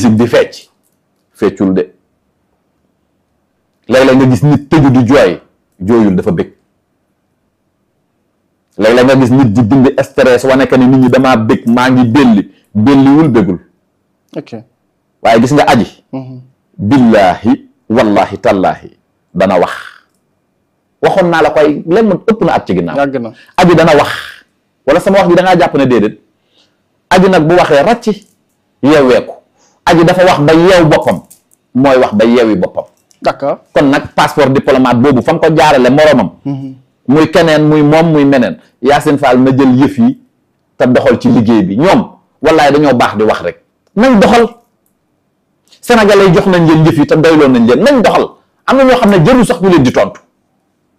musique di fecc feccul de léeg-léeg nga gis nit tëju di jooy dafa bëgg léeg nit di bind stress wane que ni nit ñi damaa bëgg maa ngi belli belliwul bëggul waaye gis nga aji mhm. billaahi wallaahi tallaahi dana wax waxoon naa la koy leen man ëpp na at ci ginnaaw aji dana wax wala sama wax ji dangaa jàpp ne déedéet aji nag bu waxee ràcc yeeweeku aji dafa wax ba yeew boppam mooy wax ba yeewi boppam d'accord kon nag passeport diplomate boobu fa mu ko jaarale moroomam mhm. muy keneen muy moom muy meneen yaa seen Fall na jël yëf yi te doxal ci liggéey bi ñoom wallaay dañoo baax di wax rek nañ doxal sénégalais jox nañ leen yëf yi te doyloo nañ leen nañ doxal am na ñoo xam ne jëru sax ñu leen di tontu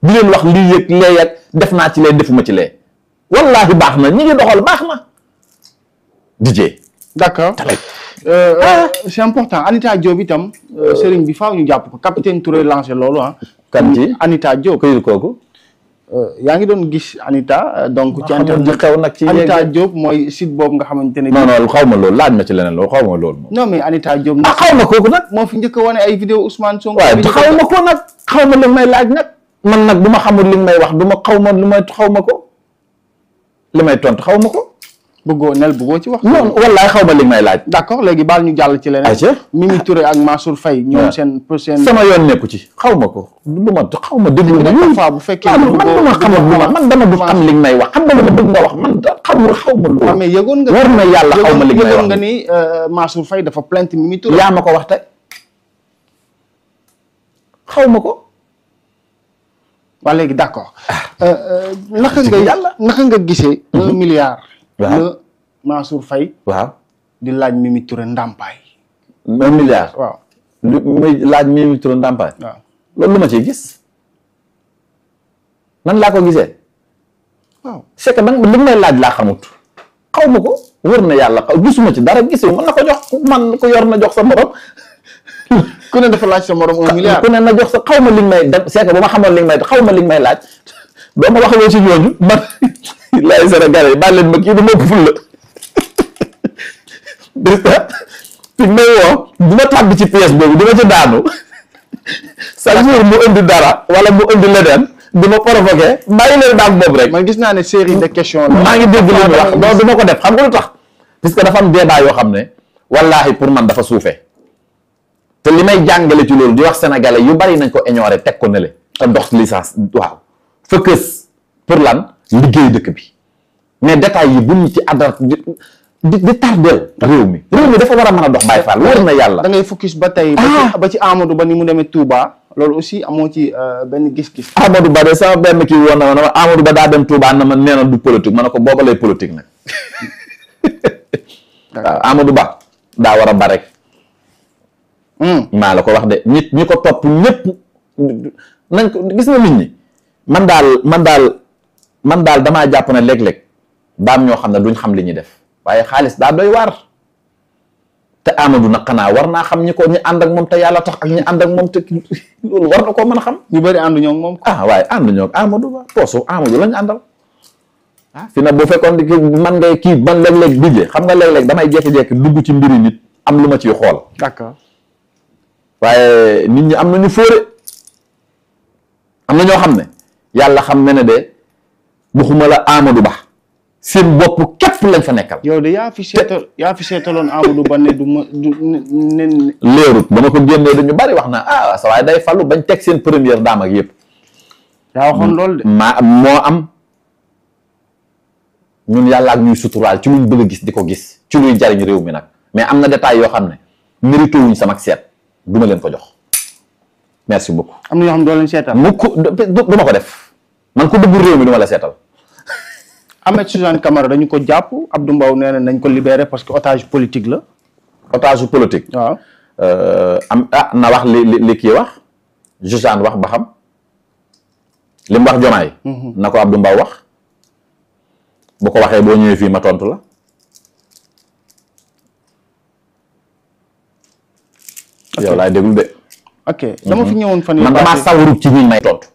di leen wax lii yëg lee def naa ci lee defuma ci lee wallaahi baax na ñi ngi doxal baax na dijee d'accord euh, euh, c'est important Anita Diop itam. Euh, sëriñ bi faaw ñu jàpp ko capitaine Touré lancé loolu ah. kan ci Anita Diop kooku. yaa ngi doon gis Anita donc. ci internet ah, xew nag ci Anita Diop mooy site boobu nga xamante ne. non non xaw ma loolu laaj ma ci leneen loolu xaw ma loolu. non mais Anita Diop. ah xaw kooku nag. moo fi njëkk a wane ay vidéo Ousmane Sonko. waaw xaw ma ko nag xaw ma li may laaj nag. man nag bu ma xamul li may wax du ma xaw ma lu may xaw ma ko. may tontu xaw ma ko. bëggoo nel buggoo ci wax. non wallaay xaw ma li may laaj. d' accord léegi baal ñu jàll ci leneen. ayca Mimi Touré ak Mansour fay ñoom seen seen. sama yoon nekku ci xaw ma ko. lu ma xaw ma déglu. bu fekkee ma man dama du xam li may wax xam nga li ma bëgg nga wax man xamul xaw ma lu. Ah, nga war na yàlla xaw ma li may wax yëgoon nga ni euh, Mansour Faye dafa plainte Mimi Touré. yaa ma ko wax ma ko. waa léegi d' accord. Ah. Euh, euh, naka nga yàlla naka nga gisee. un mhm. milliard. waaw la Mansour Faye waaw di laaj Mimi Touré ndàmpaay. un milliard. waaw lu muy laaj Mimi Touré ndàmpaay. loolu ma ci gis. nan laa ko gisee. waaw c'est que man may laaj laa xamut. xaw ma ko wër na yàlla xaw gisuma ci dara gisee mën na ko man ko yor na jox sa morom. ku ne dafa laaj sa morom un milliard ku ne na jox sa xaw ma li may dem c'est que bu ma xamoon li may xaw ma li may laaj. doo ma waxaloo ci ñooñu man laay Sénégalais baal ma kii du ma ful la dégg nga fi may ci pièce boobu du ma ci daanu chaque mu indi dara wala mu indi leneen du ma provoqué bàyyi leen daal boobu rek. man gis naa ne série de questions maa ngi dégg li mu wax non du ko def xam nga lu tax. puisque dafa am débat yoo xam ne wallaahi pour man dafa suufee te li may jàngale ci loolu di wax sénégalais yu bari nañ ko ignorer teg ko ne le te dox licence waaw. focus pour lan liggéey dëkk bi mais détails yi bu ñu ci adar di di tardel réew mi réew mi dafa war a man a dox Baye Fall yàlla da ngay focus ba tey ah! ba ci Amadou Ba ni mu demee Touba loolu aussi amoo ci euh, benn gis-gis Amadou Ba de sama benn kii woon na ma daa dem Touba na ma nee na du politique ma ne ko booba lay politique nag waaw ah, Amadou Ba daa war a ba rek hmm. maa la ko wax de nit ñi ko topp ñëpp nañ ko gis na nit ñi man daal man daal man daal damaa jàpp ne léeg-léeg daam ñoo xam ne duñ xam li ñuy def waaye xaalis daa doy waar te Amadou nag xanaa war naa xam ñi ko ñu ànd ak moom te yàlla tax ak ñu ànd ak moom te loolu na koo mën xam. ñu bëri àndu moom. ah waaye àndu ñoo Amadou ba poosu àndal ah fi nag bu fekkoon di man ngay kii man léeg-léeg budget xam nga léeg-léeg damay jékki-jékki dugg ci mbiri nit am lu ma ciy xool. d'accord waaye nit ñi am nañu fóore am na ñoo xam ne. yàlla xam na ne de buxuma la Amadou Ba seen bopp képp lañ fa nekkal. yow de yaa fi seetal seetaloon Amadou Ba ne du ma du ne. leerut ba ma ko génnee dañu bari wax na ah sa waay day fallu bañ teg seen première dame ak yëpp. daa waxoon loolu de. maa moo am ñun yàlla ak ñuy suturaal ci luñ bëgg a gis di ko gis ci luy jariñ réew mi nag mais am na détail yoo xam ne mérité wuñ sama seet du ma leen ko jox. merci beaucoup. am na ñoo xam doo leen seetal. mukk du ma ko def man ku dugg réew mi du ma la seetal. Ahmed Suzanne Camara dañu ko jàpp Abdou Mbow nee nañ ko libéré parce que otage politique la. otage politique. waaw euh, am ah na wax li li kii wax. Jusaan wax ba xam. li wax Jomaay. Mhm. na ko Abdou Mbow wax. bu ko waxee boo ñëwee fii ma tontu la. yow laay déglu de. ok mhm. dama fi ñëwoon fan man sawaru ci ñi may tontu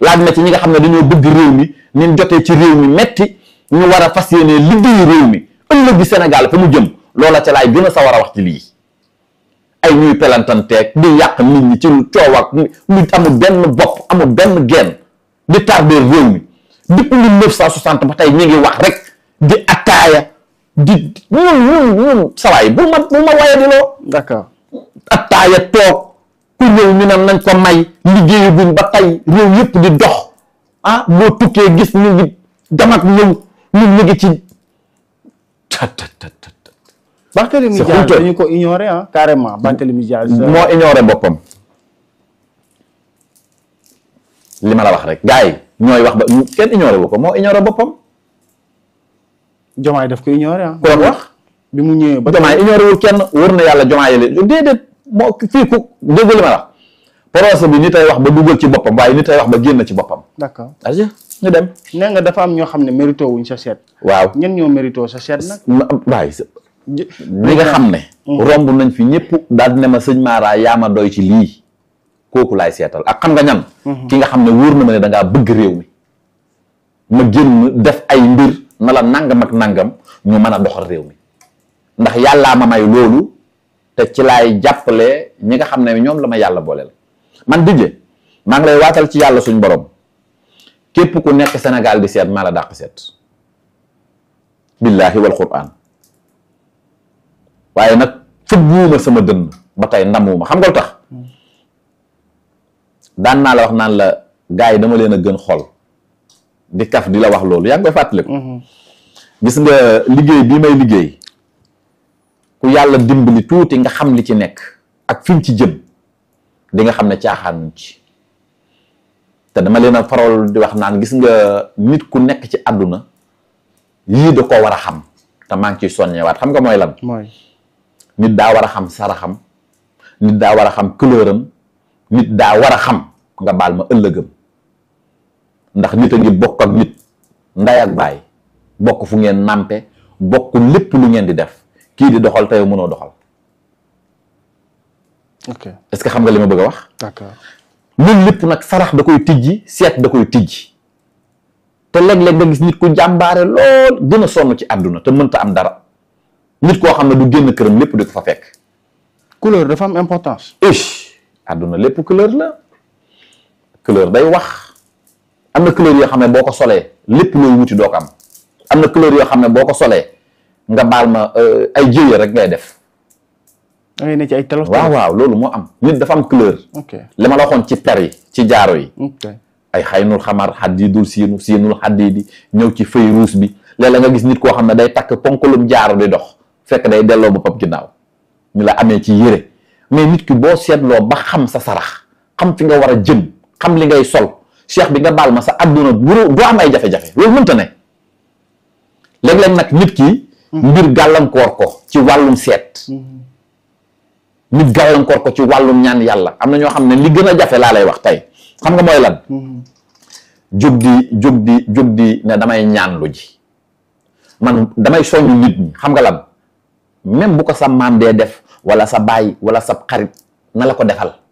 laaj ma ñi nga xam ne dañoo bëgg réew mi nin jotee ci réew mi metti ñu war a fas yéene liggéeyu réew mi ëllëg bi Sénégal mu jëm loola ca laay gën sawar a wax ci ay ñuy pelantanteeg yàq nit ñi ci coow ak lu amul benn bopp amul benn genn di tarder réew mi depuis ba tey ñu ngi wax rek di bu ma bu di loo attaaya toog ku ñëw ñu ne nañ ko may liggéeyu buñ ba tey réew yëpp di dox ah boo tukkee gis ñu ngi dem ak ñëw ñun ñu ngi ci Barthélemy Diaz dañu ko ignoré ah euh, moo ignoré boppam li ma la wax rek gars yi ñooy wax ba kenn ignoré wu ko moo ignoré boppam jomaay daf ko ignoré ah kon wax bi mu ñëwee ba jomaay ignoré wul kenn wër na yàlla jomaay la moo fii ku dégg li ma wax procès bi ni tay wax ba dugal ci boppam waaye ni tay wax ba génn ci boppam. d'accord aja ñu dem. nee dafa am ñoo xam ne mérito wuñ sa seet. waaw ñen ñoo mérito sa seet nag. waaye li nga xam ne. Mm. romb nañ fi ñëpp daal ne ma sëñ Mara yaa ma doy ci lii kooku laay seetal ak xam nga ñan. Mm-hmm. ki nga xam ne wóor na ma ne dangaa ngaa bëgg réew mi. ma génn def ay mbir na la nangam ak nangam ñu mën a doxal réew mi ndax yàllaa ma may loolu. te ci laay jàppale ñi nga xam ne ñoom la ma yàlla booleel man dijje maa ngi lay waatal ci yàlla suñ borom képp ku nekk senegal bi seet maa la dàq seet billaahi wal quraan waaye nag fëgguuma sama dënn ba tey ndamuwuma xam nga lu tax daan naa la wax naan la gars yi dama leen a gën xol di kaf di la wax loolu yaa ngi koy fàttaliku. Mm-hmm. gis nga liggéey bii may liggéey ku yàlla li tuuti nga xam li ci nekk ak fi mu ci jëm dinga xam ne caaxaanuñ ci te dama leen a faral di wax naan gis nga nit ku nekk ci àdduna yii da koo war a xam te maa ngi ciy soññewaat xam nga mooy lan. mooy nit daa war a xam saraxam nit daa war a xam couleur nit daa war a xam nga baal ma ëllëgam ndax nit a ngi bokk ak nit nday ak baay bokk fu ngeen nàmpe bokk lépp lu ngeen di def. kii di doxal tey mënoo doxal. ok est-ce que xam nga li ma bëgg a wax. d'accord lépp nag sarax da koy tijji seet da koy tijji te léeg-léeg nga gis nit ku jàmbaare lool gën a sonn ci àdduna te mënta am dara nit koo xam ne du génn këram lépp di ko fa fekk. couleur dafa am importance. ich àdduna lépp couleur la couleur day wax am na couleur yoo xam ne boo ko solee lépp looy wuti doo ko am am na couleur yoo xam ne boo ko solee. nga baal ma euh, ay jéeya rek ngay def. da ngay ne ay telos. waaw waaw loolu moo am nit dafa am couleur. li ma la waxoon ci per yi ci jaaro yi. ay xaynul xamar xaddiidul siinu siinul xaddiidi ñëw ci feuille rouge bi léeg nga gis nit koo xam ne day takk ponkalum jaaro di dox fekk day delloo boppam ginnaaw ñu la amee ci yére mais nit ki boo seetloo ba xam sa sarax xam fi nga war a jëm xam li ngay sol cheikh bi nga baal ma sa adduna bu am ay jafe-jafe loolu mënta ne léeg-léeg nag nit ngir gàllankoor ko ci wàllum seet nit gàllankoor ko ci wàllum ñaan yàlla am na ñoo xam ne li gën a jafe laa lay wax tey xam nga mooy lan jóg di jóg di jóg di ne damay ñaan lu man damay soññ nit ñi xam nga lan même bu ko sa maam dee def wala sa baay wala sab xarit na la ko defal